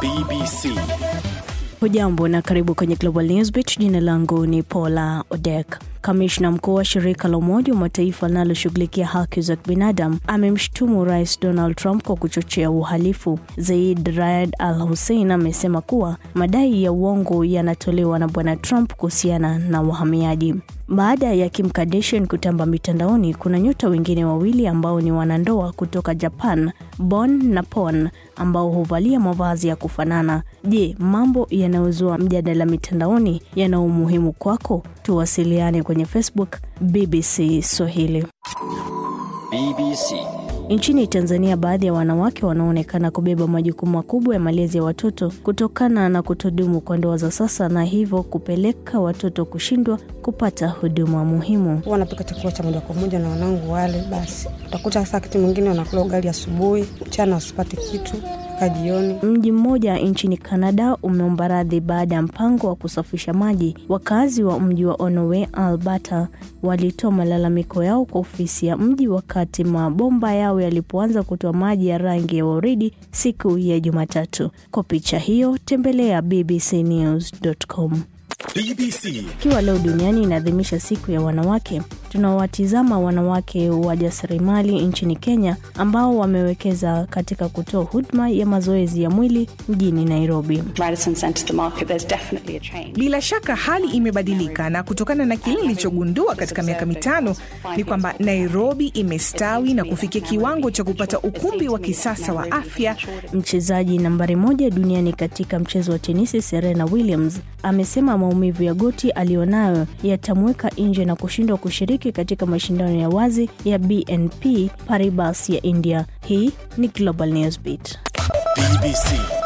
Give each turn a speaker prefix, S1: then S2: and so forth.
S1: BBC. Hujambo na karibu kwenye Global Newsbeat. Jina langu ni Paula Odek. Kamishna mkuu wa shirika la Umoja wa Mataifa linaloshughulikia haki za kibinadam amemshutumu Rais Donald Trump kwa kuchochea uhalifu. Zaid Rayad Al Hussein amesema kuwa madai ya uongo yanatolewa na Bwana Trump kuhusiana na wahamiaji. Baada ya Kim Kardashian kutamba mitandaoni, kuna nyota wengine wawili ambao ni wanandoa kutoka Japan, Bon na Pon, ambao huvalia mavazi ya kufanana. Je, mambo yanayozua mjadala mitandaoni yana umuhimu kwako? tuwasiliane kwenye Facebook BBC Swahili. BBC. Nchini Tanzania, baadhi ya wanawake wanaonekana kubeba majukumu makubwa ya malezi ya watoto kutokana na kutodumu kwa ndoa za sasa, na hivyo kupeleka watoto kushindwa kupata huduma muhimu. Huwa napika chakula cha moja kwa moja na wanangu wale, basi utakuta sasa kiti mwingine wanakula ugali asubuhi, mchana wasipate kitu mpaka jioni. Mji mmoja nchini Kanada umeomba radhi baada ya mpango wa kusafisha maji. Wakazi wa mji wa Onowe, Alberta, walitoa malalamiko yao kwa ofisi ya mji wakati mabomba yao yalipoanza kutoa maji ya rangi ya waridi siku ya Jumatatu. Kwa picha hiyo, tembelea bbcnews.com. BBC. Ikiwa leo duniani inaadhimisha siku ya wanawake, tunawatizama wanawake wajasiriamali nchini Kenya ambao wamewekeza katika kutoa huduma ya mazoezi ya mwili mjini Nairobi. Bila shaka hali imebadilika, na kutokana na kile nilichogundua katika miaka mitano ni kwamba Nairobi imestawi na kufikia kiwango cha kupata ukumbi wa kisasa wa afya. Mchezaji nambari moja duniani katika mchezo wa tenisi Serena Williams amesema maumivu ya goti aliyonayo yatamweka nje na kushindwa kushiriki kushiriki katika mashindano ya wazi ya BNP Paribas ya India. Hii ni Global Newsbeat BBC.